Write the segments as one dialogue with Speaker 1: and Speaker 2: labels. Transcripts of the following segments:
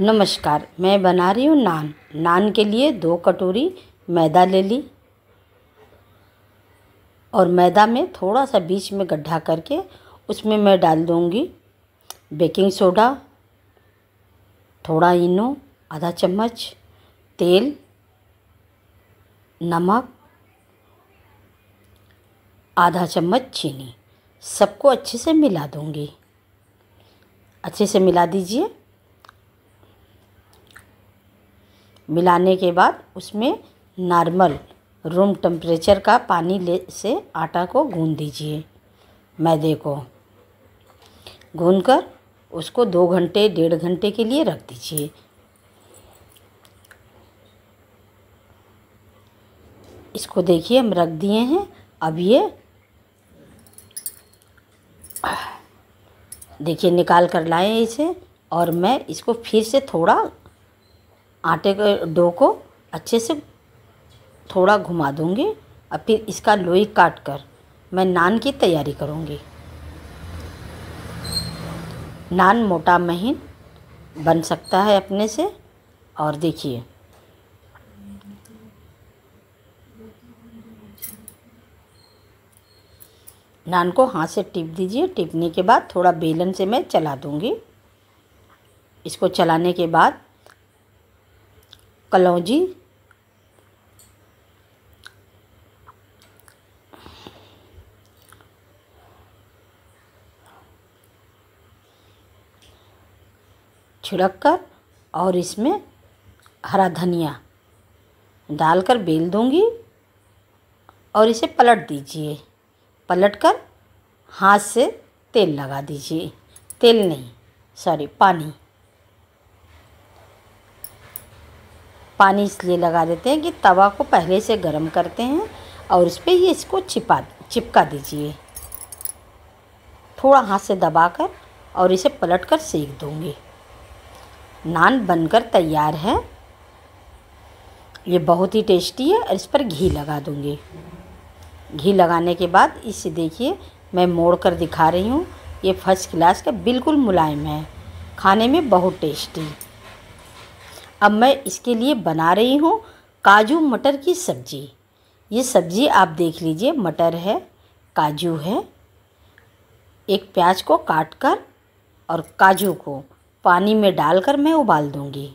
Speaker 1: नमस्कार मैं बना रही हूँ नान नान के लिए दो कटोरी मैदा ले ली और मैदा में थोड़ा सा बीच में गड्ढा करके उसमें मैं डाल दूँगी बेकिंग सोडा थोड़ा इनो आधा चम्मच तेल नमक आधा चम्मच चीनी सबको अच्छे से मिला दूँगी अच्छे से मिला दीजिए मिलाने के बाद उसमें नॉर्मल रूम टेम्परेचर का पानी ले से आटा को गूँध दीजिए मैदे को गूँध कर उसको दो घंटे डेढ़ घंटे के लिए रख दीजिए इसको देखिए हम रख दिए हैं अब ये देखिए निकाल कर लाए इसे और मैं इसको फिर से थोड़ा आटे के डो को अच्छे से थोड़ा घुमा दूँगी और फिर इसका लोई काट कर मैं नान की तैयारी करूँगी नान मोटा महीन बन सकता है अपने से और देखिए नान को हाथ से टिप दीजिए टिपने के बाद थोड़ा बेलन से मैं चला दूँगी इसको चलाने के बाद कलौजी छिड़क कर और इसमें हरा धनिया डालकर बेल दूंगी और इसे पलट दीजिए पलट कर हाथ से तेल लगा दीजिए तेल नहीं सॉरी पानी पानी इसलिए लगा देते हैं कि तवा को पहले से गर्म करते हैं और उस पर ये इसको छिपा चिपका दीजिए थोड़ा हाथ से दबाकर और इसे पलट कर सेक दूँगी नान बनकर तैयार है ये बहुत ही टेस्टी है और इस पर घी लगा दूँगी घी लगाने के बाद इसे देखिए मैं मोड़ कर दिखा रही हूँ ये फर्स्ट क्लास का बिल्कुल मुलायम है खाने में बहुत टेस्टी अब मैं इसके लिए बना रही हूँ काजू मटर की सब्ज़ी ये सब्ज़ी आप देख लीजिए मटर है काजू है एक प्याज को काट कर और काजू को पानी में डालकर मैं उबाल दूँगी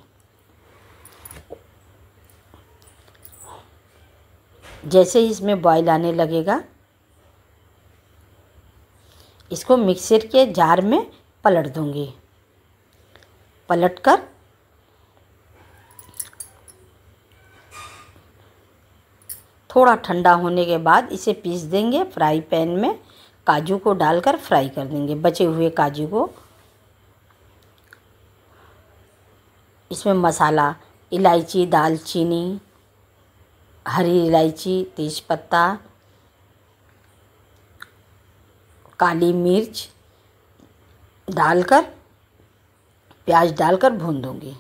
Speaker 1: जैसे ही इसमें बॉयल आने लगेगा इसको मिक्सर के जार में पलट दूँगी पलट कर थोड़ा ठंडा होने के बाद इसे पीस देंगे फ्राई पैन में काजू को डालकर फ्राई कर देंगे बचे हुए काजू को इसमें मसाला इलायची दालचीनी हरी इलायची तेज़पत्ता काली मिर्च डालकर प्याज डालकर भून दूँगी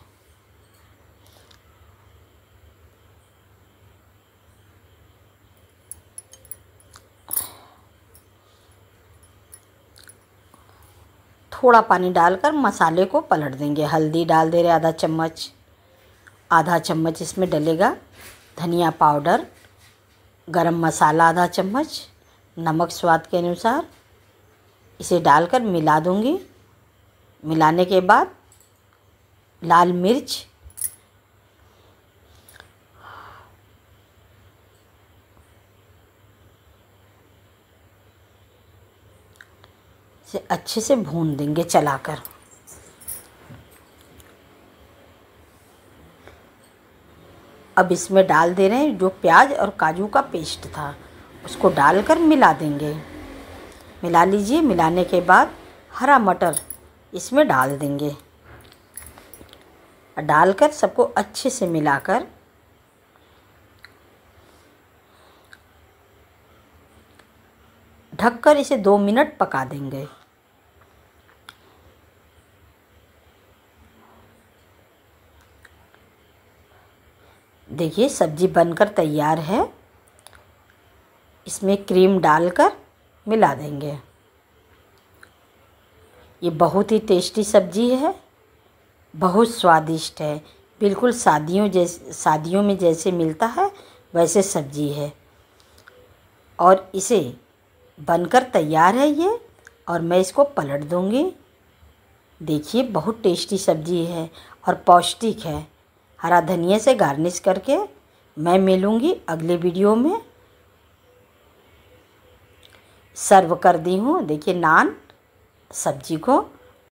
Speaker 1: थोड़ा पानी डालकर मसाले को पलट देंगे हल्दी डाल दे रहे आधा चम्मच आधा चम्मच इसमें डलेगा धनिया पाउडर गरम मसाला आधा चम्मच नमक स्वाद के अनुसार इसे डालकर मिला दूँगी मिलाने के बाद लाल मिर्च इसे अच्छे से भून देंगे चलाकर अब इसमें डाल दे रहे हैं जो प्याज और काजू का पेस्ट था उसको डालकर मिला देंगे मिला लीजिए मिलाने के बाद हरा मटर इसमें डाल देंगे डालकर सबको अच्छे से मिलाकर ढककर इसे दो मिनट पका देंगे देखिए सब्ज़ी बनकर तैयार है इसमें क्रीम डालकर मिला देंगे ये बहुत ही टेस्टी सब्ज़ी है बहुत स्वादिष्ट है बिल्कुल शादियों जैसे शादियों में जैसे मिलता है वैसे सब्ज़ी है और इसे बनकर तैयार है ये और मैं इसको पलट दूँगी देखिए बहुत टेस्टी सब्ज़ी है और पौष्टिक है हरा धनिया से गार्निश करके मैं मिलूँगी अगले वीडियो में सर्व कर दी हूँ देखिए नान सब्जी को